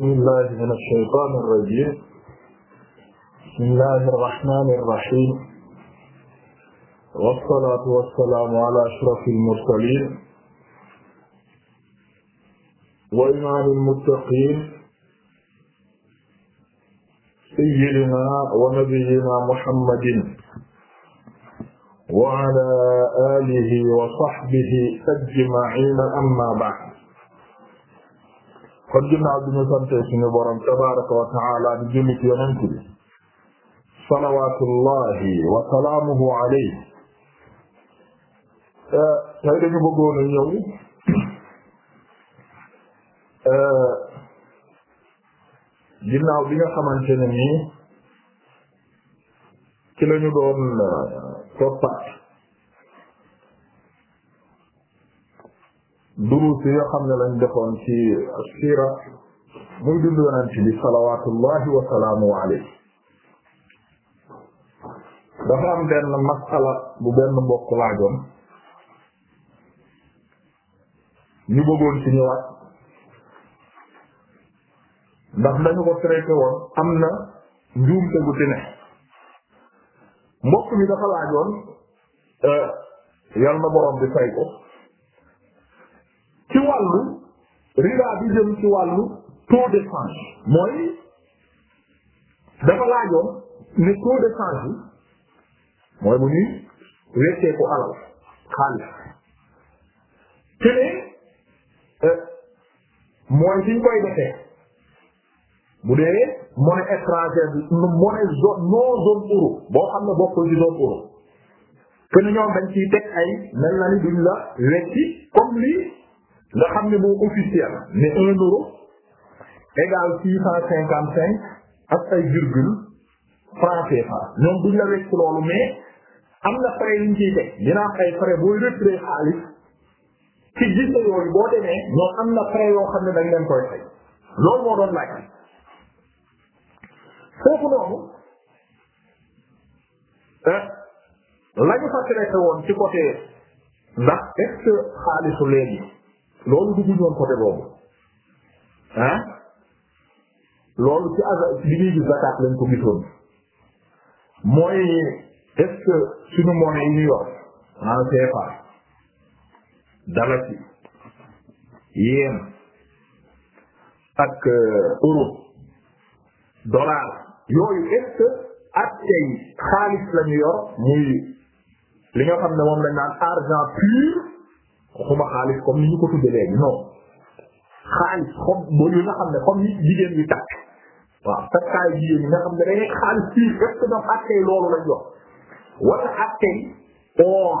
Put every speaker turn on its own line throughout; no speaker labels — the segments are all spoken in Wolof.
bismillahi min alshaytan irrajim bismillahi irrahmani irrahim wassalatu wassalaamu ala ashrafi almursalin wa imaami almuttaqin sayyidina wa nabiyyina muhammadin wa ala alihi wa sahbihi ajmaina amma ba'd kon ginnaaw bi ñu sante suñu borom tabaraka wa taala di julli ci yonent bi salawatullahi wa salaamuhu alayhi tey dañu bëggoon a ñëw ginnaaw bi nga xamante ne nii ci lañu doon toppaat duruus yoo xam ne lañ defoon ci siira muy dund yonent bi salawaatullahi wa salaamu alayhi dafa am benn masala bu benn mbokk laajoon ñu bëggoon ci ñëwaat ndax dañu ko traité woon am na njuumte gu ci mbokk mi dafa laajoon euh, yal na borom bi fay ko ci wàllu riba bi jëm ci wàllu taux de change mooy dafa laajoon ne taux de change bi mooy bu ñuy weccee ko alal xaalis te ne euh, mooy fi koy defee bu dee monnaie étrangère bi monnaie zone non zone euro boo xam ne bokkul ci zone euro que ñoom dañ ciy teg ay mel na ni duñ la wecci comme lii nga xam ne boo officiel ne un égal six cent cinquante cinq ak ay virgule franc CFA ñoom duñ la wecc loolu mais am na frais yuñ ciy teg dina ay frais booy retiré xaalis ci gis yooyu boo demee ñoom am na frais yoo xam ne dañ leen koy fay loolu moo doon laaj foofu noonu eh, lañu fa traité woon ci côté ndax est xaalisu léegi loolu dugg ñoon côté boobu ah loolu ci as li ngay gis zakat lañ ko gisoon mooy est-ce que suñu monnaie yi ñuy yor en CFA dalasi yéen ak euh, euro dollar yooyu est-ce que ak tey xaalis la ñu yor muy li nga ne moom lañ argent pur waxuma xaalis comme ni ñu ko tudde léegi non xaalis xob xam ne comme ni jigéen ñi takk waaw takkaayu jigéen ñi nga xam ne dañuy xaalis fii est-ce que ñoom attey loolu lañ jox wala attey or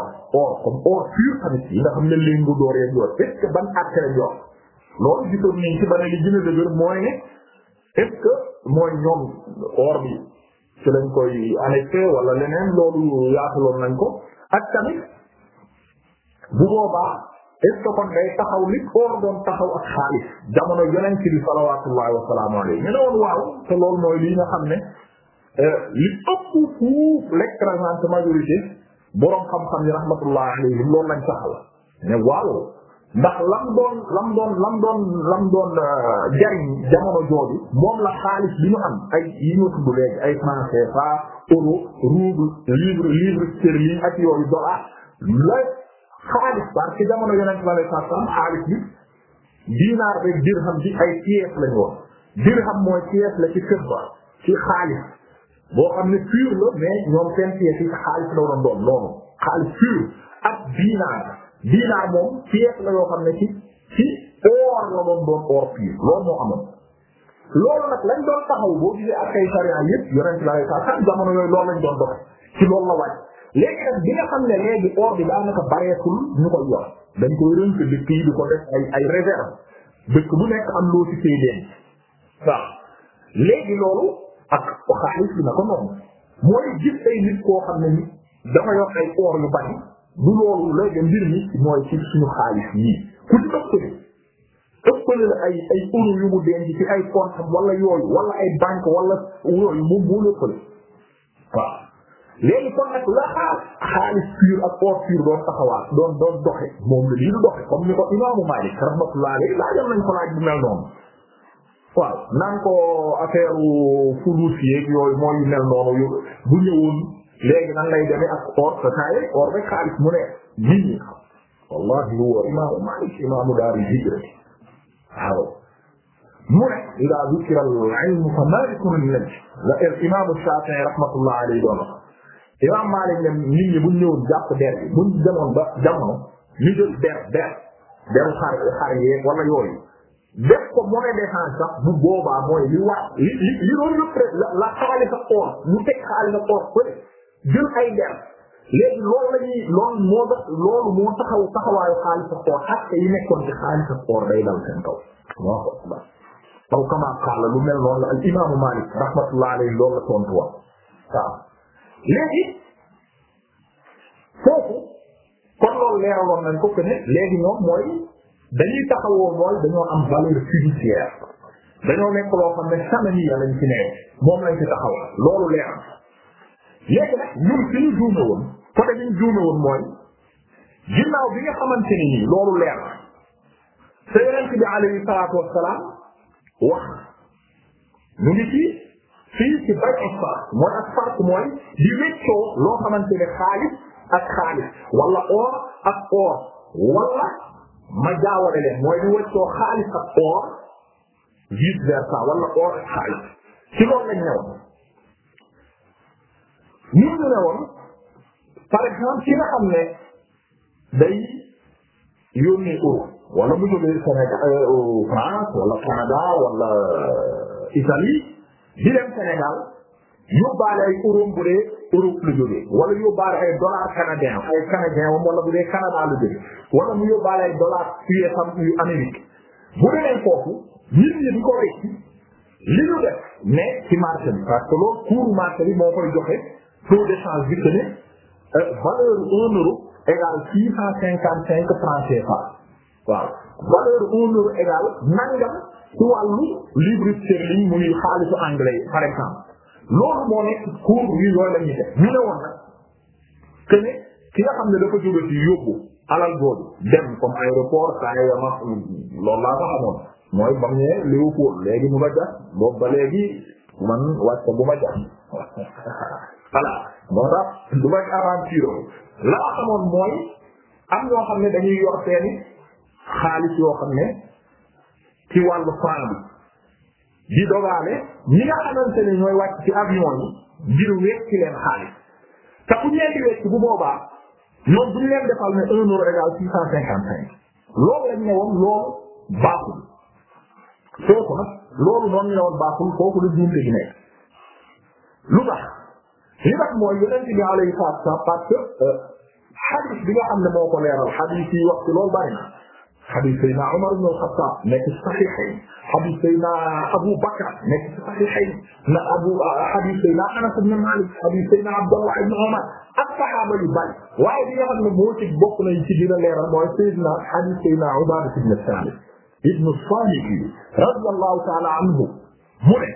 comme or pur tamit yi xam ne leen door yeen jox est que ban atte lañ jox loolu gisoon nañ ci ba ne li gën a mooy ne est que mooy ñoom or bi ci lañ koy annexé wala leneen loolu yaatuloon nañ ko ak tamit bu boobaa est ce que taxaw li or taxaw ak xaalis jamono yonent bi salawaatullahi wa salaamu alayhi ñu ne woon te loolu mooy li nga xam ne euh, li ëpp fuuf l'écrasante majorité boroom xam-xam yi rahmatullahi alayhim loolu lañ taxaw ne waaw ndax lam doon lam doon lam euh, la xaalis bi ñu am ay yi ñu tudd léegi ay franc CFA euro rouble livre livre sterling ak yooyu dollar la xaalis parce que jamono yonent bi alayhi salaam xaalis bi dinaar rek dirham bi ay pièces la woon dirham mooy pièce la ci fidda ci xaalis boo xam ne pur la mais ñoom seen pièces yi xaalis la waroon doon noonu xaalis pur ak la yoo xam ne ci ci or la doon doon or pur loolu moo amoon loolu nag lañ doon taxaw boo gisee ak ay sariya yëpp yonent bi alayhi salaam jamono yooyu loolu lañ doon doxe ci loolu la wàcc léegi nag bi nga xam ne léegi or bi daanaka bareetul ñu koy yor dañ koy rënk dëkk yi di ko def ay ay réserve dëkk bu nekk am loo ci see denc waaw léegi loolu ak xaalis bi na ko noonu mooy gis ay nit koo xam ne ni dafa yor ay or yu bari du loolu léegi mbir mi mooy ci suñu xaalis yii ku ci ëppale ëppale la ay ay euro yu mu denc ci ay compte wala yooyu wala ay banque wala yooyu moom moo ëppale waaw léegi kon nag la xaalis xaalis pur ak or pur doon taxawaal doon doon doxe moom la lii du doxe comme ni ko imaamu Maalik rahmatullah alayhi laajal nañ ko laaj bu mel noonu waaw naan ko affaire fulus yeeg yooyu mooy yu mel noonu bu ñëwoon léegi nan lay demee ak or sa taye or rek xaalis mu ne nit ñi wallahi huwa imaamu Maalik imaamu daaru hijra waaw mu ne idaa zukira al ilmu fa maalikun najm la imaamu Shaafi'i rahmatullah alayhi doon Imaam Maalik ne nit ñi bu ñu ñëwoon jàpp der bi bu ñu demoon ba jamono ñu jël der der deru xar xar yeeg wala yooyu def ko monnaie d'échange sax bu boobaa mooy li war li li li doon repré la xaalis ak or ñu teg xaalis ak or fële jël ay der léegi loolu la ñuy loolu moo tax loolu moo taxaw taxawaayu xaalis ak or xaste yi nekkoon ci xaalis ak or day dal seen kaw Allahu akbar aw kama qaala lu mel noonu la al imaamu Maalik rahmatullah alayhi loolu la tontu waaw léegi foofu kon loolu leeraloon nañ ko que léegi ñoom mooy dañuy taxawoo mooy dañoo am valeur fiduciaire dañoo nekk loo xam ne samaniya lañ ci nee moom lañ ci taxaw loolu leeral léegi nag ñun suñu juume woon côté bi ñu juume woon mooy ginnaaw bi nga xamante ni nii loolu leer na te yonent bi alayhi salaatu wassalaam wax ñu ngi ci fii ci bay ak mooy ak farq mooy di weccoo loo xamante ne xaalis ak xaalis wala or ak or wala ma jaawale leen mooy di weccoo xaalis ak or vice versa wala or ak xaalis ci loolu lañ newoon ñun ñu newoon par exemple ki nga xam ne day yónnee euro wala mu jógee Sénégal euh, France wala Canada wala Italie di dem Sénégal yóbbaale ay euros bu dee Europe lu jógee wala yóbbaale ay dollars canadiens ay canadiens wala bu dee Canada lu jógee wala mu yóbbaale ay dollars USA yu Amérique bu demee foofu nit ñi di ko wecc li ñu def ne ci marché bi parce que loolu cours marché bi moo koy joxe euh, valeur un euro égale six cent cinquante cinq francs CFA waaw valeur un euro égale nangam ci wàllu livre sterling muy xaalisu anglais yi par exemple loolu moo nekk cours yi la ñuy def ki nga xam ne dafa jóge ci yóbbu alal boobu dem comme aéroport saa yama loolu laa ko xamoon mooy ba mu ñëwee Léopold léegi mu nga jar boobu ba léegi man wàcc bu ma jar voilà moo tax du ma aventure la xamoon mooy am ñoo xam ne dañuy yor seeni xaalis yoo xam ne ci wàllu fan bi di dogaale ñi nga xamante ne ñooy wàcc ci avion yi ngir wecci leen xaalis te bu ñu leen di wecc bu boobaa ñoom bu ñu leen defal ne un euro égal loolu lañ ne woon loolu baaxul foofu nag loolu noonu ñu ne woon baaxul foofu la juumte gi nekk lu tax li tax mooy yonent bi alayhi salaatu wa salaam parce que euh, bi nga xam ne moo ko leeral xadis yi wax ci loolu xadis Seydina Omar ibn al-Khattab nekk ci saxiixayn xadis Seydina Abu Bakr nekk ci saxiixayn na Abu xadis ah, Seydina Anas ibn Malik xadis Seydina Abdallah ibn Omar ak saxaaba yu bari waaye bi nga xam ne moo ci bokk nañ ci dina leeral mooy Seydina xadis Seydina Ubaada ibn Saamit ibn Saamit radiyallahu ta'ala anhu mu ne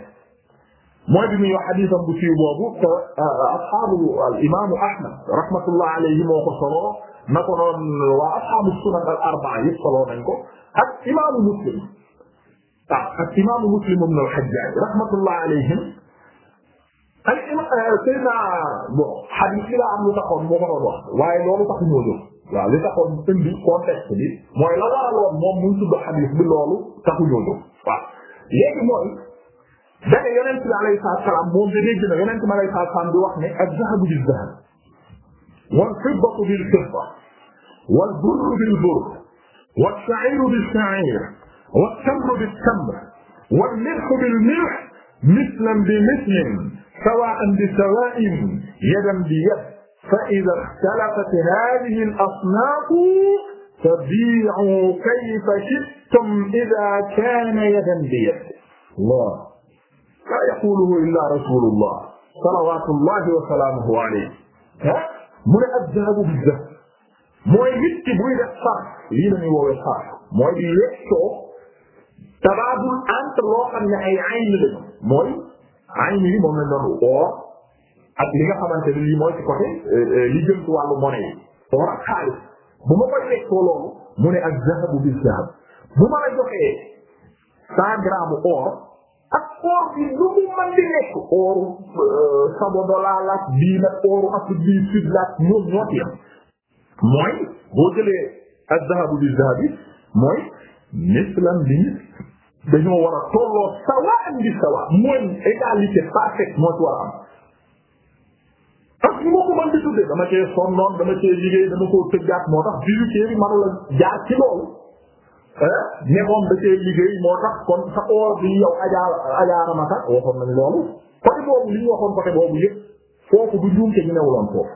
mooy bi muy wax xadiisam bu siiw boobu te euh, asxaabu al imaamu Ahmad rahmatullah alayhi moo ko soloo na ko noon waa asxaabu sunan al arbaa yëpp soloo nañ ko ak imaamu Muslim ah ak imaamu Muslim ibn al Hajjaj rahmatullah alayhim ak ima euh, Seydina bon xadiis bi laa am lu taxoon moo ko doon wax waaye loolu tax ñoo jóg waaw li taxoon indi contexte bi mooy la waraloon moom muy tudd xadiis bi loolu taxu ñoo jóg waaw léegi mooy dane yonent bi alayhi salaatu salaam moom da dégg na yonent bi alayhi salaatu salaam di wax ne ak zahabu bil zahab wal fiddatu bil fidda wal burru bil burr wal sha'iiru bis sha'iir wat tamru bis tamr wal milhu bil milh mislan bi mislin sawaa'an bi sawaa'in yadan bi yad fa idhaa ikhtalafat haadhihi al asnaafu fabii'uu kayfa shi'tum idhaa kaana yadan bi yad Allah laa yaquluhu illaa rasulullah salawatullahi wa salaamuhu alayhi ah mu ne ak jaabu bi def mooy nit ki buy def sax lii la ñuy woowee sax mooy di wettoo tabaadul entre loo xam ne ay ayn lañu mooy ayn yi moom lañ doon oor ak li nga xamante ne lii mooy ci côté euh, li jëm ci wàllu monnaie yi oor ak xaalis bu ma koy wettoo loolu mu ne ak zahabu bi zahab bu ma la joxee cent grammes or or bi lu mu mën di nekk ooru euh, sabodolaa laaj bii nag ooru Afrique bii sud laaj ñoom ñoo ci yem mooy boo jëlee az-zahabu bi-zahabi mooy mislan bi dañoo war a tolloo sawaan bi sawaa mooy égalité parfaite moo ci a am ak ñu ma ko mën di tuddee dama cee sonnoon dama cee liggéey dama koo tëggaat moo tax bi bi manu la jaar ci loolu ne moom da cee liggéey moo tax kon sa oor bi yow ajaa ajaara ma tax waxoon nañ loolu côté boobu li ñu waxoon côté boobu yëpp foofu du njuumte ñu newuloon foofu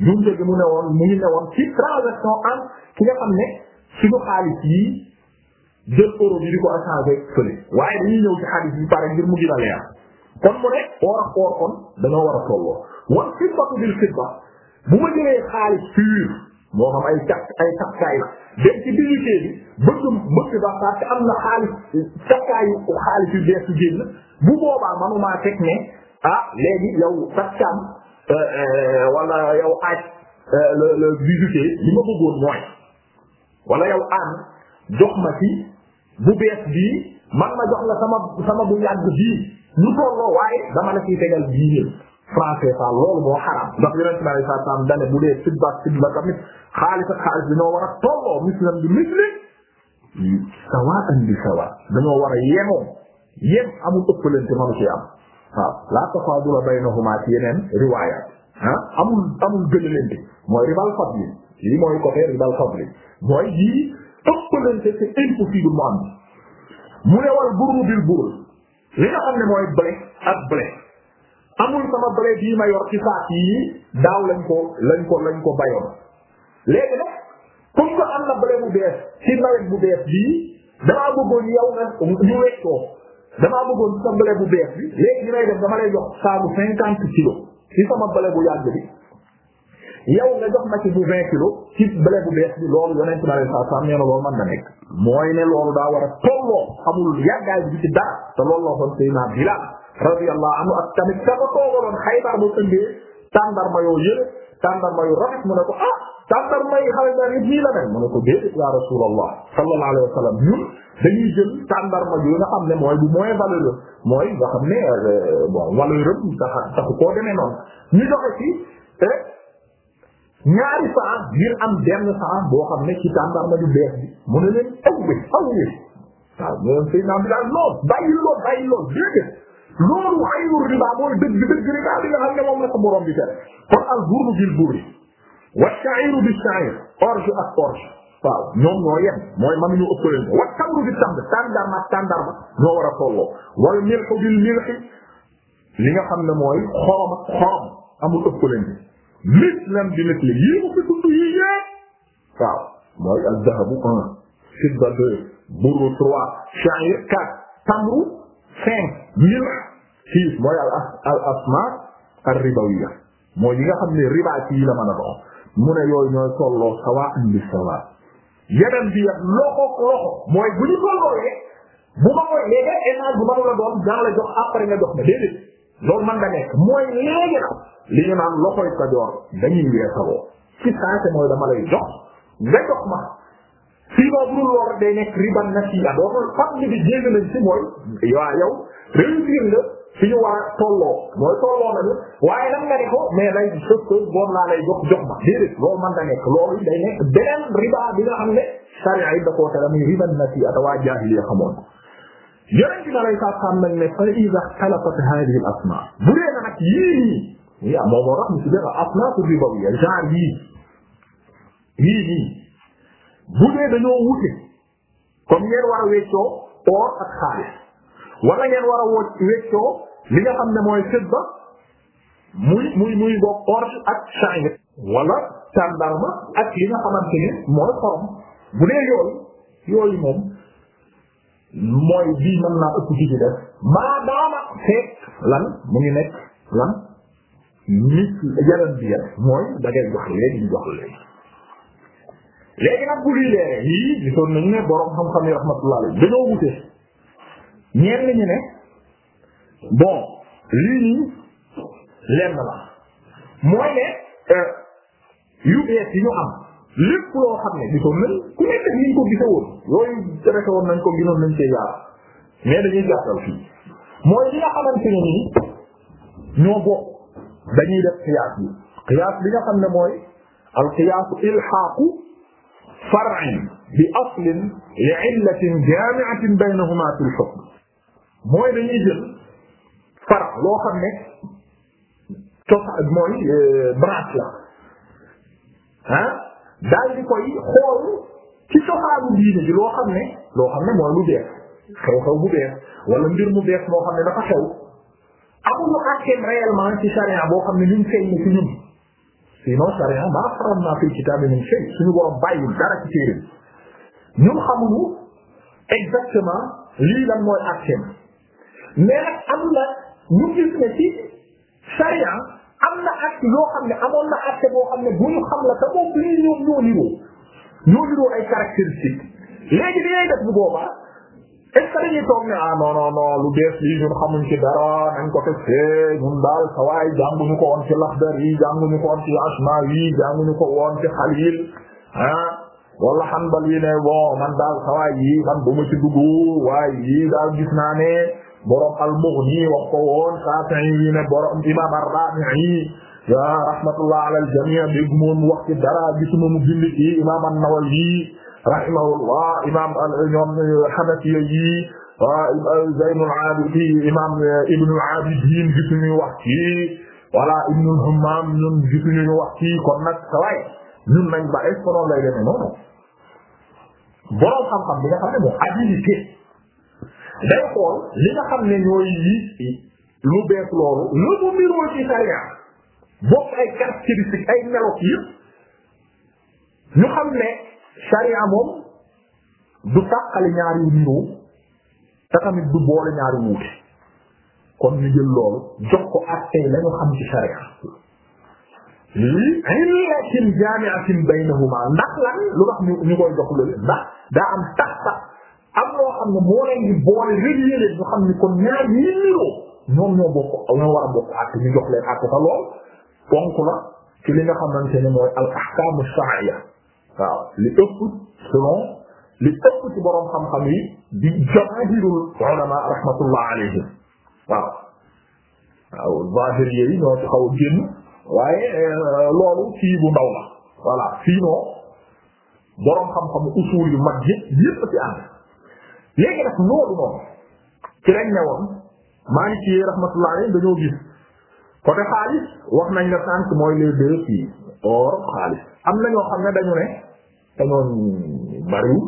njuumte gi mu newoon mu ngi newoon ci transaction am ki nga xam ne suñu xaalis yi jël euro ko échanger fële waaye ñëw ci xaalis bi pare ngir mu gën a leer kon mu ne oor ak oor kon dañoo war a tolloo wan fitbatu bil fitba bu ma jëlee xaalis pur moo xam ay tax ay taxkaay la dem ci biir liggéey bi bëgg bëgg ba parce am na xaalis taxkaayu xaalis yu bees génn bu boobaa manumaa teg ne ah léegi yow taxkaam euh, euh, wala yow aaj euh, le le visité li ma bëggoon mooy wala yow aan jox ma ci bu bees bii man ma jox la sama bu yàgg bii ñu tolloo waaye dama la ciy tegal bii nii français sax loolu moo xaraam ndax yonent bi sallallahu alayhi wasallam dane bu dee sidba sidba tamit xaalis ak xaalis dañoo war a tolloo bi misli sawaan bi sawa dañoo war a yemoo yem amul ëppalante manu ci am waaw la tafaadula baynahuma ci yeneen riwaayaat ah amul amul gënalante mooy ribal fadli lii mooy côté ribal fadli mooy yii ëppalante c'est impossible mu am mu ne wal burru bil burr li nga xam ne mooy blé ak blé amul sama bled yi ma yor ci saak yii daaw lañ ko lañ ko lañ ko bayoon léegi nag comme que am na bled bu bees ci nawet bu bees bii damaa bëggoon yow nag ñu weccoo damaa bëggoon ci sa bled bu bees bi léegi ñu lay dama lay jox saabu cinquante kilos ci sama bled bu yàgg bi yow nga jox ma ci bu vingt kilos ci bled bu bees bi loolu yonent bi alayhi salaam nee na loolu mën na nekk mooy ne loolu daa war a tolloo amul yàggaay bi ci dara te loolu la radiyallahu anhu ak tamit ka ko toogaloon Xaybar bu ëndee tàndarma yoo yële tàndarma yu rafet mu ne ko ah tàndarma yi Xaybar yi nii la mel mu ne ko déedéet ya Rasulallah sallallahu alayhi wa sallam ñun dañuy jël tàndarma yu nga xam ne mooy bu moins valeur mooy nga xam ne euh, bon valeur am tax taxu koo demee noonu ñu doxe ci eh, ñaari saa ngir am benn saa boo xam ne ci tàndarma ju bees bi mu ne leen aw bi aw bi waaw ñoom sëy naa bi daal lool bàyyi lool bàyyi lool déedéet loolu aynu riba mooy dëgg dëgg riba bi nga xam ne moom la ko borom bi tere kon al burru bil burri wa sha'iru bis sha'ir orge ak orge waaw ñoom ñoo yem mooy man ñu ëppale ko wa tamru bi tamr tàndarma ak tàndarma ñoo war a tolloo wal milhu bil milhi li nga xam ne mooy xorom ak xorom amul ëppale bi mislan bi misli yii mu fi tudd yii yépp waaw mooy al dahabu un fidda deux burru trois sha'ir quatre tamru cinq milh siis mooy al al asma ar mooy yi nga xam ne riba ci yi la mën a dox mu ne yooyu ñooy tolloo sawa'an bi sawa yeneen bi yam loxo mooy bu ñu tollooyee bu ma koy léegi échange bu manu doon dana la jox après nga jox man da nekk mooy léegi nag li ñu naan loxoy kajoor dañuy weesaloo ci saase mooy dama lay jox nga jox ma sinon bu dul loolu day nekk riban nasiya dootul xam mooy waa yow réussir nga fi ñu war a tolloo mooy tolloo nañu waaye lan nga ne ko mais jox jox ma déedéet loolu man da nekk loolu day nekk beneen riba bi nga xam ne sariya yi da koo tere muy riba nasii'a waa jaahiliya xamoon yonent bi alayhi salaatu salaam ne fa iza xtalafat haadihi al asnaa bu dee yii nii yaa ah, moo moo tax ñu si def asnaa su ribawiyya genre a weccoo wala ngeen war a li nga xam ne mooy fidda muy muy muy bokk orge ak sha'ir wala tàndarma ak li nga xamante ni mooy xorom bu dee yooyu yooyu moom mooy bii mën naa ëpp ci ci def maadaama fekk lan mu ngi nekk lan nit yaram bi yar mooy da ngay jox léegi ñu jox léegi léegi nag bu lii leere yii gisoon nañu ne boroom xam-xam yi rahmatullah alayhi dañoo wute ñenn ñi ne bon lii nii lenn la mooy ne yu euh, bees yi ñu am lépp loo xam ne gisoon nañ ku nekk ni ñu ko gisa woon yooyu traité woon nañ ko ginoon nañ cee yaar mais dañuy gàttal fii mooy li nga xamante ne nii ñoo bokk dañuy def xiyaas bi xiyaas bi nga xam ne mooy al xiyaasu ilxaaqu far'in bi aslin li illatin jaami'atin baynahuma fil hukm mooy dañuy jël par loo xam ne cosaan mooy euh, branche la ah daal di koy xool ci cosaanu diine ji loo xam ne loo xam ne mooy lu bees xew-xew bu bees wala mbir mu bees moo xam ne dafa xew amul àtteem réellement ci charia boo xam ne ñun feeñ ci ñun sinon charia maa faramnaa fil kitaabi min shay suñu borom bàyyiwul dara ci téere ñun xamuñu exactement lii lan mooy àtteem mais nag am na ñu gis ne ci charia am na acte yoo xam ne amoon xam la te moom ñu ñoom ñoo niroo ñoo niroo ay caractéristiques léegi li ngay def bu boobaa est ce que dañuy toog ne ah non non non lu bees ci dara nañ ko teg fee ñun daal sawaay jànguñu ko woon ci laxdar yi jànguñu ko woon ci asmaa yi jànguñu ko woon ci xalil ah wala xanbal yi ne bon man daal sawaay yi man bu ci dugg waaye yi daal gis naa ne borom al-Mughni wax ko woon Shafi'i yi ne borom imam ar-Rafi'i ya rahmatullah ala al-jami' dégg moon wax ci dara gisuma mu bind ci imam an-Nawawi rahimahullah imam ñoom Hanafi yi Zaynul Abidin imam Ibnul Abidin gisuñu wax ci wala Ibnul Hammam ñun gisuñu wax ci kon nag saway ñun nañ ba est-ce que lay deme noonu borom xam-xam bi nga xam ne moom day xool li nga xam ne ñooy yi lu bees loolu lu mu miroo ci sariya bokk ay caractéristiques ay melo yëpp ñu xam ne sariya moom du tàqali ñaari niroo te tamit du boole ñaari wuute kon ñu jël loolu jox ko ak tey lañu xam ci sariya lii illatin jaami'atin baynahuma ndax lan lu tax ñu ñu koy jox loolu ndax daa am tax tax am loo xam ne moo leen di boole réglé leen ñu xam ni kon ñaar ñii niroo ñoom ñoo bokk ñoo war a bokk àtte ñu jox leen àtte ta lool ponk la ci li nga xamante ne mooy al ahkaamu shar'iyya waaw li ëpp selon li ëpp ci borom xam-xam yi di jamaahirul ulama rahmatullah alayhim waaw waaw zahir yi ñoo ci xaw a génn waaye euh, loolu fii bu ndaw la voilà fii noo borom xam-xam usul yu mag yëpp yëpp ci ànd léegi nag noonu ci lañ ne woon maa ngi ci gis côté xaalis wax nañ la sànq mooy les deux fii or xaalis am na ñoo xam ne dañu ne dañoo bariwul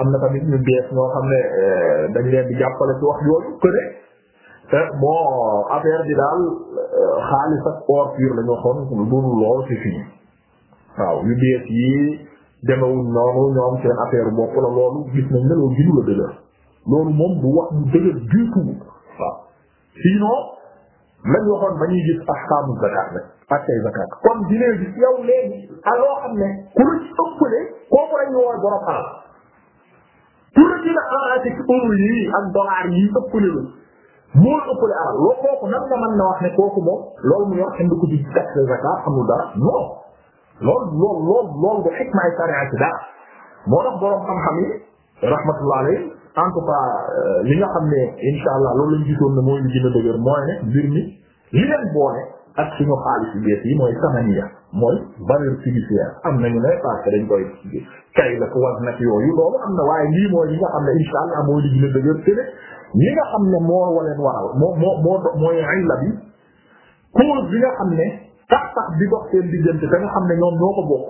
am na tamit ñu bees ñoo xam ne euh, dañ leen bi jàppale ci wax yooyu que ne bon affaire bi daal euh, xaalis ak or pur la ñu waxoon lu lool ci fii waaw yu bees yi demewul noonu ñoom seen affaire bopp la loolu gis nañ ne loolu ginu dëgër loolu moom du wax du dëgër du tout waaw sinon lañ waxoon ba ñuy gis ahkaamu zakat rek ak tey zakat kon dinee gis yow léegi aloo xam ne ku la ci ëppale kooku lañ wooy borom alal ku la dina yi ak dollar yi ëppale la moo ëppale loo kooku nan nga mën na wax ne kooku moom loolu mu yor kenn ko ci taxe zakat amul dara non loolu loolu loolu loolu de xikmaay sariya ci moo tax borom xam-xam yi rahmatullah alayhi en tout euh, li nga xam ne insha allah loolu lañ gisoon ne mooy li gën a dëgër mooy ne mbir li leen boole yi mooy samaniya mooy valeur fiduciaire am nañu ne parce que dañ koy la ko war nag yooyu loolu am na waaye lii mooy li nga xam ne insha allah mooy li gën a dëgër te ne nga xam ne moo waleen waral moo moo mooy illa bi cause bi nga xam ne tax tax di dox seen diggante da nga xam ne ñoom ñoo ko bokk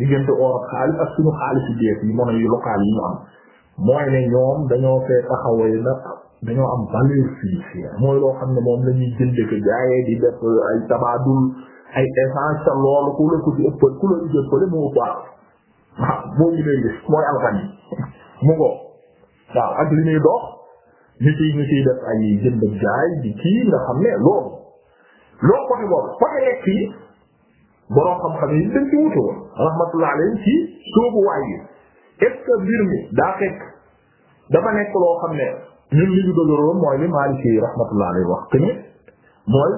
diggante or ak xaalis ak suñu xaalis yu dees yi monnaie yu yi ñu na dañoo am loo xam ne moom la ñuy jëndee ko jaayee di def ay tabaadul ay essence te loolu ku la ko ku la ci ëppale moo ëpp waaw boo ñu lay mu ngoog waaw ak li ñuy dox ñu ciy ñu ciy def ay jënd jaay di kii nga xam ne loolu. loolu côté boobu côté lekk yi xam-xam yi dañ ci wutoo rahmatullah ci soobu waay yi est ce que mbir mi nekk loo xam ne ñun li ñu dëgëroon mooy li Maliki yi rahmatullah alayhi wax que mooy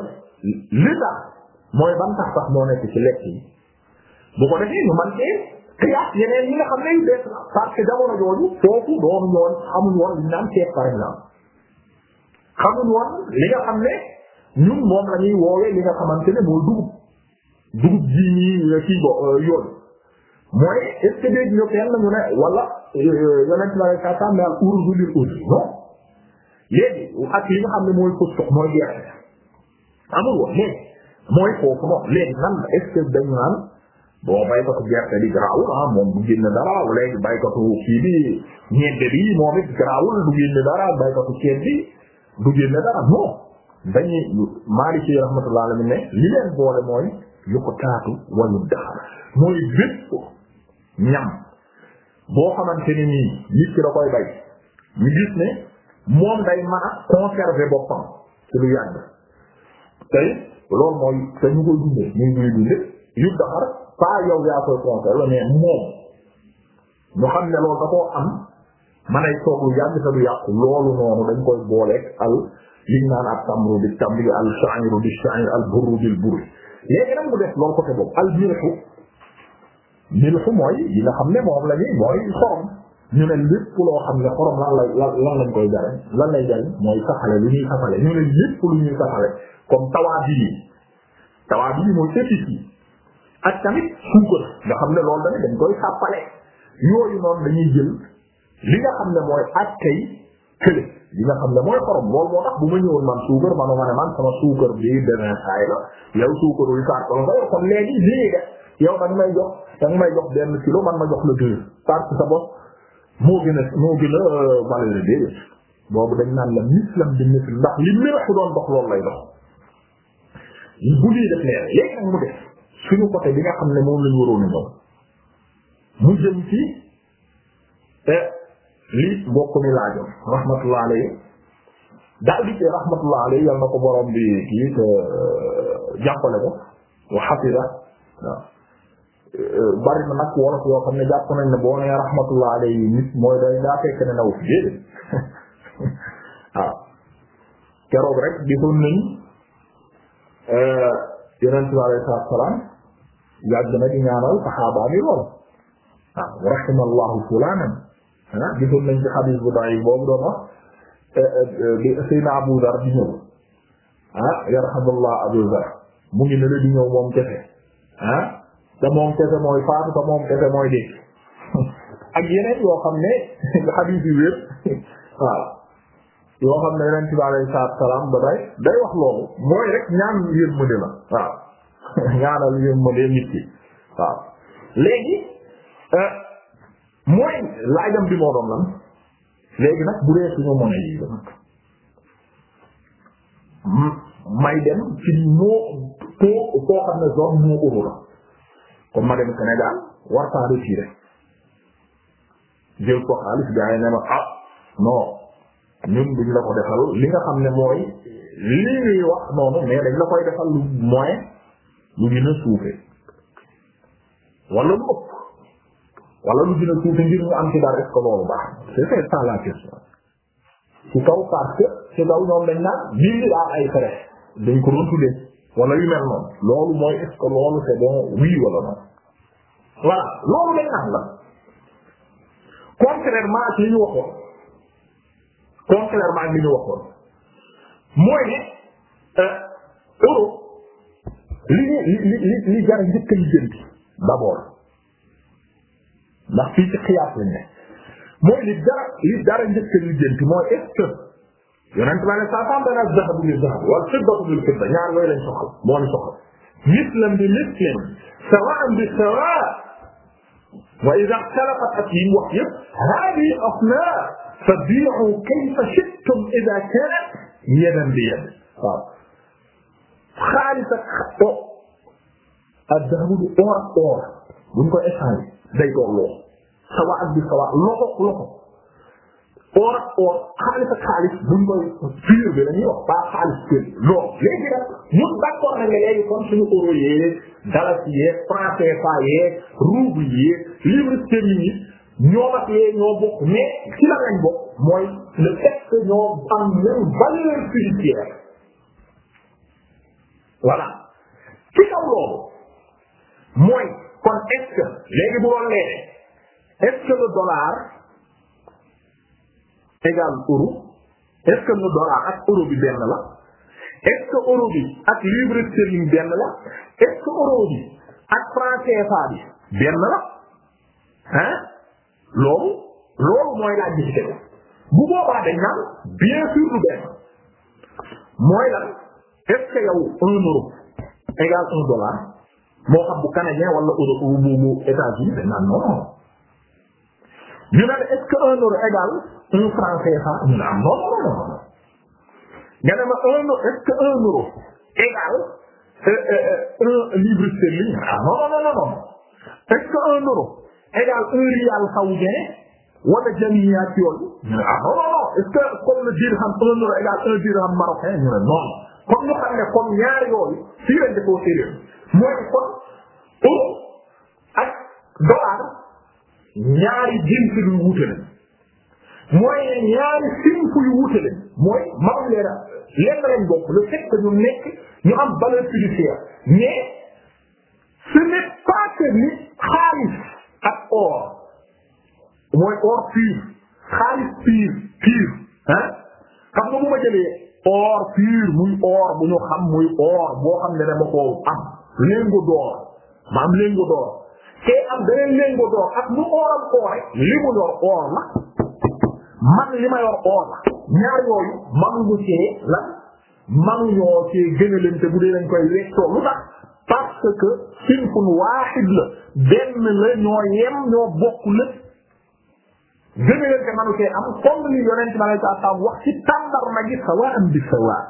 li tax mooy ban tax tax moo nekk bu ko defee ñu man tee xiyaas yeneen yi nga xam ne yu bees la parce que jamono jooju foofu doon ñoon xamuñ woon li naan ceeb par exemple xamuñ woon li nga xam ne ñun moom la ñuy woowee xamante ne mooy dugub dugub ji ñii kii bo euh, yoon mooy est-ce que dégg nga fenn ñu ne wala euh, euh, yonent la sa sa mais al urdu lil urdu non léegi ak li nga xam ne mooy fëstox mooy jeex amul woon léegi mooy foofu noonu léegi nan la est-ce que dañu naan bon baykatu gerte bi a ah moom du génn dara léegi baykatu kii bi ñebe bi moom it garaawul du génn dara baykatu ceeb bi du génn dara non dañuy Maliki rahmatullah alayhi ne li leen boole mooy yu ko taatu wayu daxar mooy bépp ñam boo xamante ni nii nit ki da koy bay ñu gis ne moom day mën a conserver boppam ci lu yàgg tey loolu mooy te ñu koy dundee ñu koy dundee yu daxar pas yow yaa koy conserver mais moom ñu xam ne loolu da koo am mën ay toog lu yàgg te du yàqu loolu noonu dañ koy booleeg al liñ naan a tamru bi tamri al sha'iru bi sha'ir al burru bil burri léegi nag mu def loolu côté boobu al milxu milxu mooy yi nga xam ne moom la ñuy mooy xorom ñu ne lépp loo xam ne xorom la lay lan koy jare lan lay jare mooy saxale lu ñuy saxale ñu ne lépp lu ñuy saxale comme tawaabi yi tawaabi mooy épices yi ak tamit suukar nga xam ne loolu tamit dañ koy sàppale yooyu noonu dañuy jël li nga xam mooy ak kay li nga xam ne mooy xorom loolu moo tax bu ma ñëwoon man suukar man ma ne man sama suukar bi demee saay la yow suukaru yu carton nga yor kon léegi lii def yow da nga may jox da nga may jox benn kilo man ma jox la deux parce que sa bopp moo gën a moo gën a euh, valeur déedéet boobu dañ naan la mislam bi misl ndax li miraku doon dox loolu lay dox bu lii def leer léegi nag mu def suñu côté bi nga xam ne moom lañu waroon a ñëw mu jëm ci eh, li mbokk mi laajoon rahmatullah alayhi daal di ci rahmatullah alayhi yal na ko borom bi kii te euh, jàppale euh, bari na nag wolof yoo xam ne jàpp nañ ne boo nee rahmatullah alayhi nit mooy day daa fekk ne naw fi déedéet waaw euh, bi alayhi salaatu salaam yàgg na di ñaanal saxaabaam fulaanan ah gisoon nañ ci xadis bu daif boobu doon wax eh, eh, bi Seydina Abu Dar di ñëw mu ngi ne la di ñëw moom kese ah te moom kese mooy faatu te moom kese mooy dee ne xadis yu wér waaw yoo xam ne yonent bi alayhi salaatu salaam ba day day wax loolu mooy rek ñaan yërmande la waaw ñaanal yërmande nit ki waaw léegi. Eh, mooy laajam bi moo doon lan léegi nag bu dee suñu monnaie yi nag may dem ci moo foo foo xam ne zone moo euro la comme ma dem Sénégal war faa jël ko xaalis gars yi ne ma ah non ñun duñ la ko defal li nga xam ne mooy lii ñuy wax noonu mais dañ la koy defal lu moyen lu gën a suufee wala lu ëpp wala lu dina tuuti ngir ñu am ci dara est ce que loolu baax c'est ça la question ci kaw parce que ci kaw ñoom dañ naan lii daa ay frais dañ ko doon tuddee wala yu mel noonu loolu mooy est loolu c'est bon oui wala non loolu lañ naan la contrairement ak li ñu waxoon contrairement ak li ñu waxoon mooy ne euh, euro li ñu li li li jar njëkk a jënd d'abord ndax fii ci xiyaas lañ ne mooy li dara li dara njëkk li jënti mooy est ce que yonent ma ne saa tam dana zahabu bil zahab wal fiddatu bil fidda ñaar yooyu lañ soxal moo ñu soxal mislan bi mislin sawaan bi sawaa wa ida ixtalafat ak yi mu wax yëpp hadihi asna fa bii'u kayfa shi'tum ida kanat yadan bi yad waaw xaalis ak o ak zahabu du or ak or buñ ko échangé day doon loo sawa ak bi sawa loxo loxo or ak or xaalis ak xaalis buñ bi la ñuy wax ba xaalis kër lool léegi nag ñun d'accord na nga léegi kon suñu euro yeeg dalasi yeeg franc CFA yeeg rouble yeeg livre sterling yi mooy le fait que ñoo mooy kon est-ce que léegi bu est-ce dollar égal euro est-ce dollar ak euro bi benn la est-ce euro bi ak livre sterling benn la est euro bi ak franc CFA bi benn la ah loolu loolu mooy laaj bi tegu bu boobaa dañ naan bien sûr lu benn mooy lan est-ce un dollar moo xam bu canadien wala euro bu bu États-Unis dañ naan non. ñu ne est que un euro égale un franc CFA ñu ne am non non non non nga ne ma un euro que un euro égale euh, euh, euh, un livre sterling ah non non non non est-ce que un euro égale un rial saoudien wala jamiyaat yooyu ñu ne ah non non que comme le dirham ne comme ñu yooyu fii lañ defoo mooy kon euro dollar ñaari jins yu wute lañ mooy ñaari sinf yu wute mooy manu leen a lenn lañ bokk le fait ñu nekk ñu am valeur fiduciaire mais ce n'est pas que ni xaalis ak or mooy or pur xaalis pur pur ah xam nga bu ma jëlee or muy or bu ñu xam muy or boo xam ne dama ko am lingot d'or ma am lingot te am beneen méngo door ak lu ooram oore li mu yor oor la man li ma yor oor la ñaar yooyu mënuñu see lan mënuñoo see gënalante bu dee dañ koy weccoo lu tax parce que sinfun waaxid la benn la ñoo yem ñoo bokk lépp gënalante manu see am comme li yonent ma lay saa wax ci tàndar ma gi sawaa am bi sawaa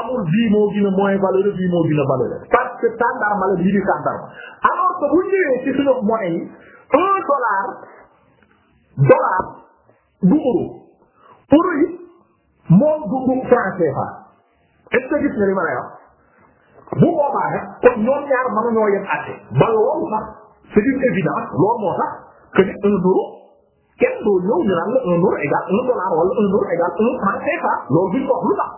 amul bii moo gën a moins bii moo gën a valeur parce que tàndar ma la bii di tàndar ma alors que bu ñëwee ci suñu monnaie yi un dollar dollar du euro euro yi moom du franc CFA est-ce que gis nga li ma lay wax bu boobaa rek kon ñoom ñaar mën ñoo yem àtte ba loolu sax c'est une évidence loolu moo tax que ni un euro kenn doo ñëw ñu naan la un euro égal un dollar wala un euro égal un franc CFA loolu duñ ko wax lu tax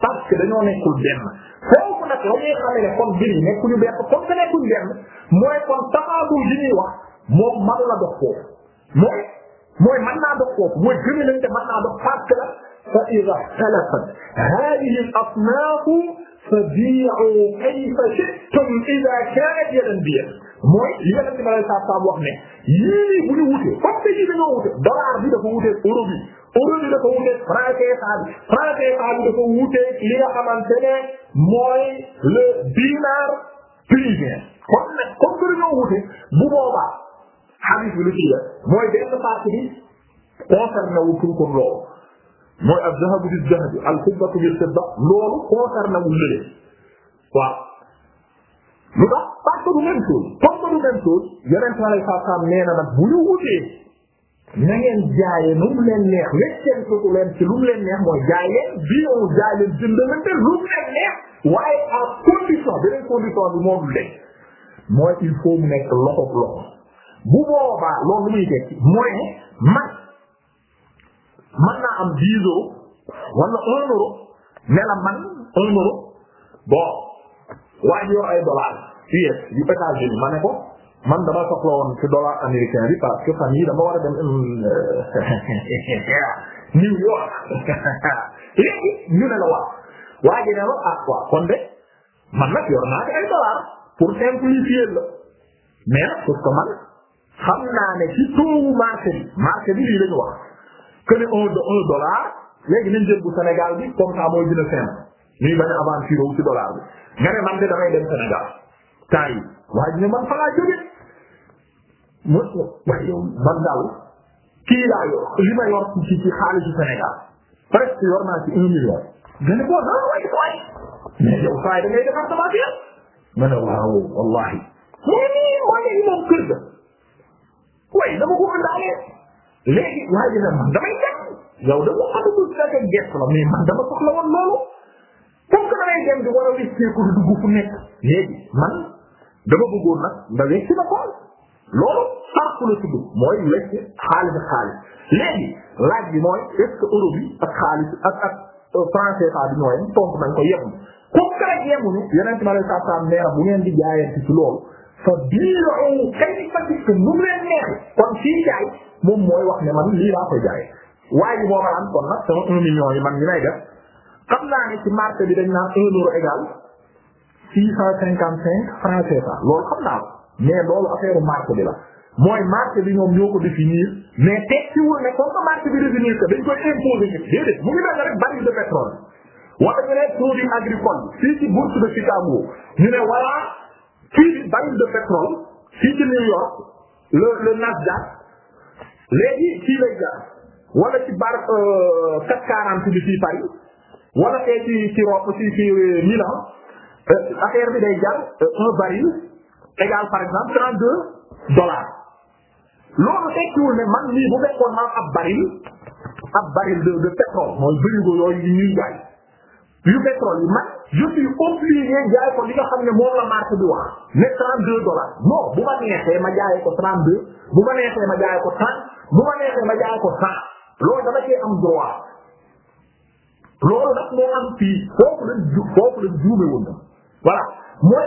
parce que dañoo nekkul benn nag la ñuy xamee ne kon mbir yi nekkuñu benn comme que nekkuñu benn mooy kon taxaabul gi ñuy wax moom manu la dox foofu mooy mooy mën naa dox foofu mooy gëmi lañ te mën naa dox parce que la fa ida xtalafat hadihi al asnaafu fa bii'u kayfa shi'tum ida kaanat yadan bi yad mooy li nga xam ne ma lay saa saa wax ne yii bu ñu wute comme que yii dañoo wute dollar bi dafa wute euro bi euro bi dafa wuteeg franc CFA bi franc CFA bi dafa wuteeg li nga xamante mooy le dinar tunisien kon nag comme que bu boobaa hadith bi lu ci mooy benn partie bi concerné wu pour kon loolu mooy al zahabu bil zahab al fiddatu lu tax parce que du même chose comme que du na ngeen jaayee neex wecceen suku leen ci lu neex mooy jaayeen bii on jaay leen jëndalante lu mu neex waaye à condition beneen condition bi moom mooy il faut mu nekk loxo loxo bu boobaa loolu lu muy tekki mooy man naa am dix euros un euro ne man un euro bon waaye yoo ay dollars US yu États-Unis ma ne ko man dama soxla woon ci dollar américain bi parce que fan yi war a dem hmm, euh, New York ñu ne la waa ji ne la ah quoi kon de man nag yor naa ay dollars pour simplifier la mais nag parce que man xam naa ne ci taux marché bi marché bi lii lañu wax que ne un un dollar léegi nañ jël bu Sénégal bi comme ça mooy dina fin ñuy bañ a aventure wu ci dollar bi nga man de damay dem Sénégal temps yi ne man fa laa mu wax yow man daal kii laa yor li ma yor ci ci xaalisu Sénégal presque yor naa ci un million. nga ne ko non ah, way way mais yow saa yi da ngay defar sama biir. wallahi. muy nii mooy léegi moom kër ga. way dama ko andaalee. léegi waaye la man dama soxla woon loolu. comme que damay dem di war a wéccee ko dugg fu nekk. léegi man dama bëggoon nag nga ma ko. loolu sarfu la tudd mooy lekk xaalis ak xaalis léegi laaj bi mooy est ce ak xaalis ak ak euh, français fa bi ñooy tontu nañ ko yem comme que rek yemuñu yeneen ma lay saa saa nee na bu ngeen di jaayee loolu fa biiru kayfa nu leen neex kon fii jaay moom mooy wax ne man lii laa koy jaayee waaye bi moo ma am kon un million yi man ñu lay def naa ne ci marché bi dañ naan un euro égal six cent cinquante loolu xam naa ko mais loolu affaire marché bi la mooy marché bi ñoom ñoo ko définir mais tekkiwul ne comme que marché bi définir que dañ koy imposer ñëpp déedéet mu ngi mel ne rek baril de pétrole wala ñu ne produit agricole fii ci bourse de Chicago ñu ne voilà fii di baril de pétrole fii ci New York le le Nasdaq léegi fii lay jaar wala ci bar 440 euh, bi fii Paris wala fee ci ci Rome ci ci euh, Milan euh, affaire bi day jaar un baril égale par exemple trente deux dollars loolu tekkiwul ne man lii bu fekkoon maam ab baril ab baril de de pétrole mooy bërigo yooyu ñuy jaay yu pétrole yi man je suis obligé jaay ko li nga xam ne moom la marché bi wax ne trente dollars non bu ma neexee ma jaayee ko trente deux bu ma neexee ma jaayee ko cent bu ma neexee ma jaayee ko cent loolu dama cee am droit loolu nag moo am fii foofu lañ foofu lañ juume woon voilà mooy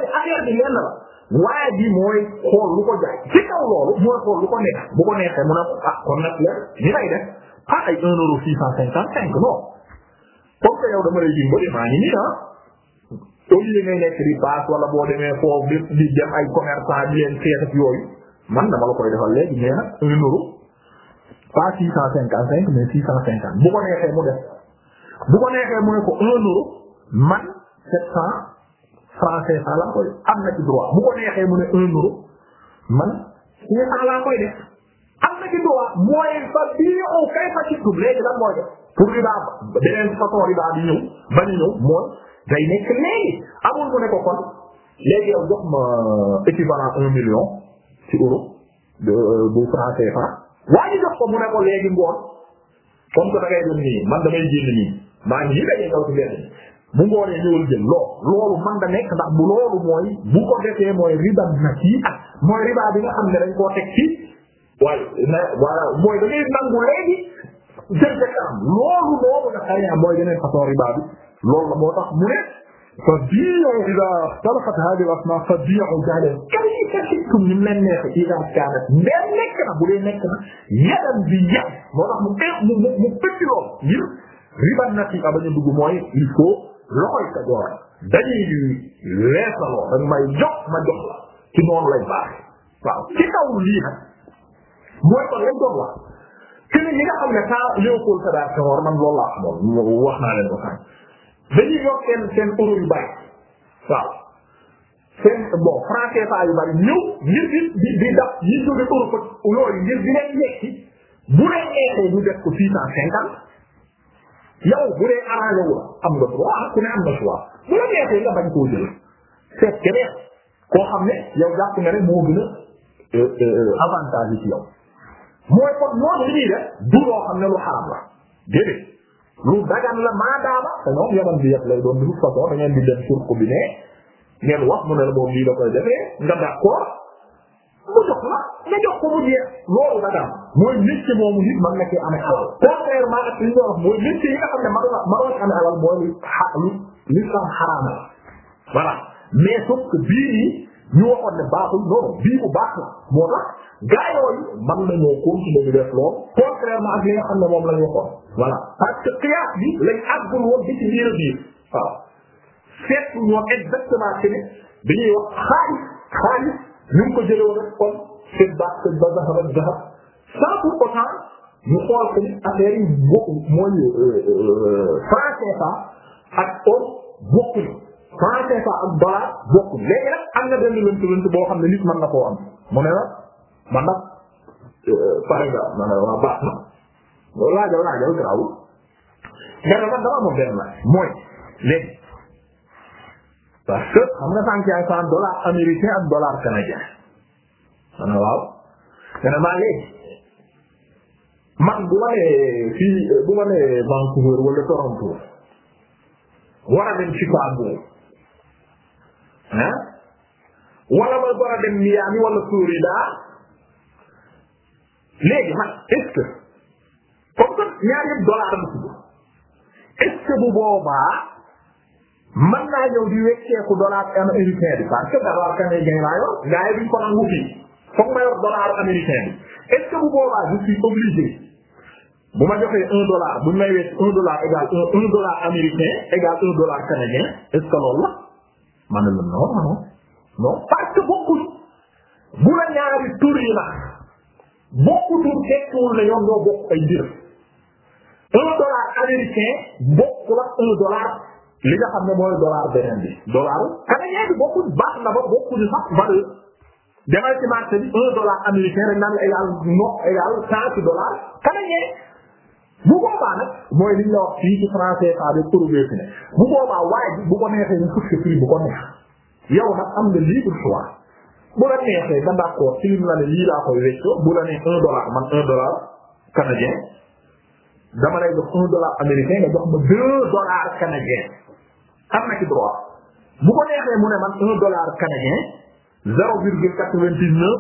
waaye bi mooy xool lu ko jaay ci kaw loolu mooy xool lu ko neex bu ko neexee mu ne ah kon ni may def ah ay un euro six cent cinquante cinq non comme que yow dama lay dimbali maa ngi nii ah au ngay nekk di baas wala boo demee foofu di di dem ay commerçant di leen seet ak yooyu man dama la koy defal léegi nee na un euro pas six cent cinquante cinq mais six cent cinquante bu ko neexee mu def bu ko neexee mu ne man sept cent français ça laa koy am na ci droit bu ko neexee mu ne un euro man cinq cent laa koy def am na ci droit mooy fa bii aw fa ci tub léegi lan mooy def pour riba beneen façon riba bi ñëw ba ñu ñëw mooy day nekk léegi amul mu ne ko kon léegi yow jox ma euh, équivalent un million ci euro euh, bu français fa waaye jox ko mu ne ko léegi ngoon comme que da ngay nii man damay génn nii maa ngi yi dañuy daw benn bu loolu man da nekk ndax bu mooy ko defee mooy riba na ci ak mooy riba bi xam ne dañ koo teg ci waaye mooy da ngay nangu léegi jël loolu loolu nga xam ne mooy beneen façon riba loolu la moo mu ne fa biu ida xtalafat hadi al asma fa biu jalen kayfa shi'tum ñu leen nekk na bu dee nekk bi yad moo tax mu mu mu riba na ci a bañ a mooy il loxoy kajoor dañuy leesaloo dañ may jox ma jox la ci noonu lay baaxe waaw ci kaw lii nag mooy kon lañ doon wax kene ñi nga xam ne temps Léopold Sédar Senghor man loolu laa xamoon wax naa leen ko sànq dañuy yokk seen seen euro yu waaw seen bon français fa yu bari ngir di di di daf ñi jóge Europe ngir di leen nekk bu leen neexee ñu def ko six cent cinquante yow bu dee arrangé wu am nga droit ah, ku ne am nga choix bu la neexee nga bañ koo jël seet keneen koo xam ne yow jàpp nga ne moo gën a euh, euh, avantage ci yow mooy kon noonu li ñuy du loo xam ne lu xaraam la déedéet lu dagan la maadaama te ñoom yaman bi yëpp lay doon de toute façon da ngeen di dem bi ne ngeen wax mu ne la moom lii la koy defee nga d'accord mu jox la nga jox ko mu jeex loolu nag am mooy métier moomu nit mën na cee amee alal contrairement ak yi nga xam ne mën na mën na amee alal mooy lu xa lu li sam xaraam la voilà mais sauf bii nii ñu waxoon ne bii bu baax la moo tax gaa yooyu mën nañoo def loolu contrairement ak li nga xam ne moom lañ waxoon voilà parce que xiyaas bi lañ àggul woon bi ci biir a biir waaw seet ñoo exactement ci ne dañuy wax xaalis xaalis ñu ko jëlee nag kon seen baax seen ba sax rek jaxas sans pour autant ñu xool que ni affaire yi bokku mooy euh, euh, franc CFA ak or bokkuñ franc CFA ak dollar bokkuñ léegi nag am na benn lënt lënt boo xam ne nit mën na koo am mu ne la man nag euh, par exemple man la waa baax na loolu laajal laajal garaawul mais nag man damaa moom benn laaj mooy léegi. parce que xam nga sànq yaay saan dollar américain dollar canadien ma ne waaw te ne man fii bu ma nee Vancouver wala Toronto war a dem Chicago ah wala ma war a dem Miami wala Florida léegi man est-ce que comme que ñaar dollar la est-ce que bu man naa ñëw di wecceeku dollar américain bi parce que dollar canadien laa yor gars yi ko nangu fii foog ma dollar américain bi est ce que bu boobaa bu ma joxee un dollar buñ may wecc un dollar égal un dollar américain égal un dollar canadien est ce la ma ne la non non non parce que bokkuñ bu la ñaari tur la bokkutul un dollar américain bokkul ak un dollar li nga xam ne mooy dollar beneen bi dollar canadien bi bokkul baax na ba bokkuñu sax valeur demal ci marché bi un dollar américain rek naan la égal no égal cent dollar canadien bu boobaa nag mooy li la wax fii ci français fa bi prouvé ne bu boobaa waaye bi bu ko neexee bu ko neex yow nag am nga libre choix bu la neexee nga d'accord ci lim la ne lii laa koy wéccoo bu la ne un dollar man un dollar canadien dama lay jox un dollar américain nga am na ci droit bu ko neexee mu ne man un dollar canadien zéro virgule quatre-vingt-dix-neuf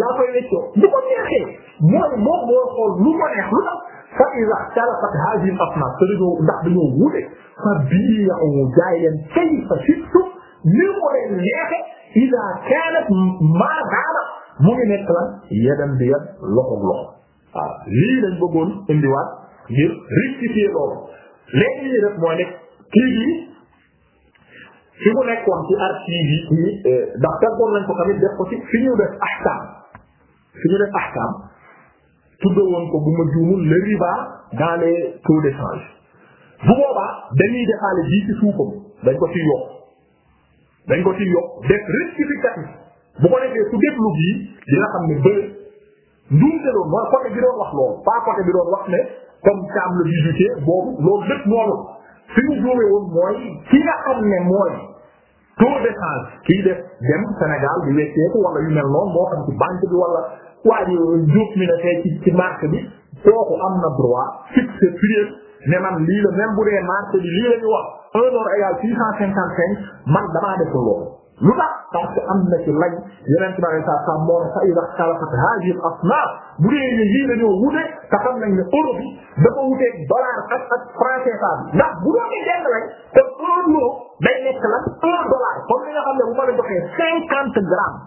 laa koy weccoo bu ko neexee mooy moom moo xool lu ko neex lu tax fa iza talafat hadhihi al asnaf te dañoo ndax dañoo wuute fa bi'u jaay leen kayfa shi'tum ni ko leen neexe iza kanat maa daama mu ngi nekk lan yadan bi yad loxoog loxo waaw lii lañ bëggoon indiwaat ngir rectifier loolu léegi li def mooy nekk kii bi mu nekkoon ci archive yi ci eh, ndax tàggoon nañ ko tamit def ko ci fi ñu def ahkam fi ñu def ahkam tudde woon bu ma juumul le riba dans les de change bu boobaa dañuy defaale bii ci suufam dañ ko ci yokk dañ ko ci yokk def rectificatif bu ko defee su déglu bii dina xam ne bëri njuumte doon doon wax loolu bi doon wax ne comme câble bi boobu loolu lépp noonu fi ñu juume woon mooy ki nga xam ne mooy taux de change def dem Sénégal di wecceeku wala yu mel noonu moo xam ci banque bi wala waa ji juuf mi ne tey ci ci bi kooku am na droit fixé prix ne man lii la même bu dee marché bi lii la ñu wax un euro égal six cent cinquante man damaa def loolu lu tax parce que am na ci lañ yeneen ci bari saa saa moo ne fa ida xtalafat hadihi al asnaf bu dee ne yii dañoo wute te xam nañ ne euro bi dafa wuteeg dollar ak ak franc CFA bi ndax bu doon ne dend lañ te euro day nekk lan un dollar comme li nga xam ne bu ma la joxee cinquante grammes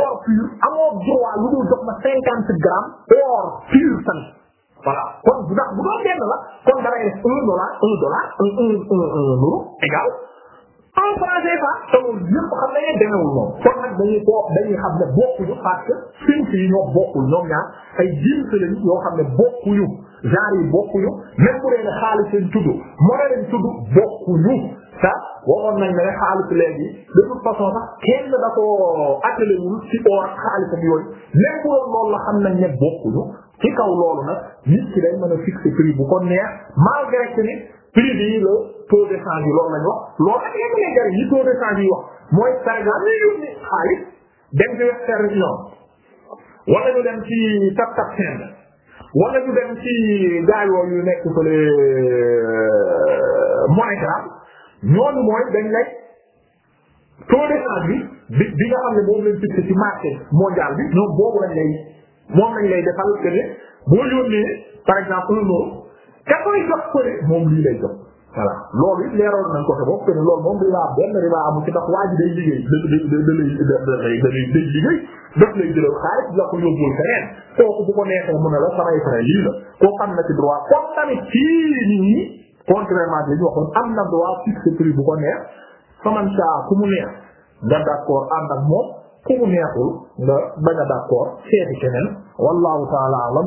or pur amoo droit lu dul jox ma cinquante grammes or pur tamit voilà kon ndax bu doon dend la kon da lay def un dollar un dollar un un un euro égal en français fa te loolu ñëpp xam nañu demewul noonu kon nag dañuy koo dañuy xam ne bokkuñu parce que suñ si ñoo bokkul ñoom ñaar ay jins lañu yoo xam ne bokkuñu genre yi bokkuñu même bu dee ne xaalis leen tudd mën leen tudd bokkuñu ta waxoon nañ ne xaalis léegi de toute façon sax kenn da ko attelé wul ci or xaalisam yooyu même bu doon loolu la xam nañ ne bokkuñu ci kaw loolu na nit day mën a fixer prix bu ko neex malgré que ni prix bi la taux de change wax loolu ak yéen a ngi yi taux de yi wax mooy par exemple ñu yónni xaalis dem ci Western Union wala ñu dem ci Tap Tap Send wala ñu dem ci gaa yooyu nekk fële euh, MoneyGram ñooñu mooy dañ lay taux de bi bi nga xam ne moom lañ fixé ci marché mondial bi ñoom boobu lañ lay moom lañ lay defal que ne boo yónnee par exemple un ka koy jox përe moom lii lay jox voilà loolu it leeroon nañ ko te boobu que ne loolu moom riba benn riba amu ci ndax waa day liggéey da da da day liggéey daf lay jëlal xaalis la ko yóbbul feneen kooku bu ko neexee mu ne samay frais lii la koo xam na ci droit comme tamit fii nit ñu waxoon am na droit fixe prix bu ko neex faman saa ku mu neex nga d'accord ànd ak moom ku mu neexul nga bañ a d'accord seeti keneen wallahu taala alam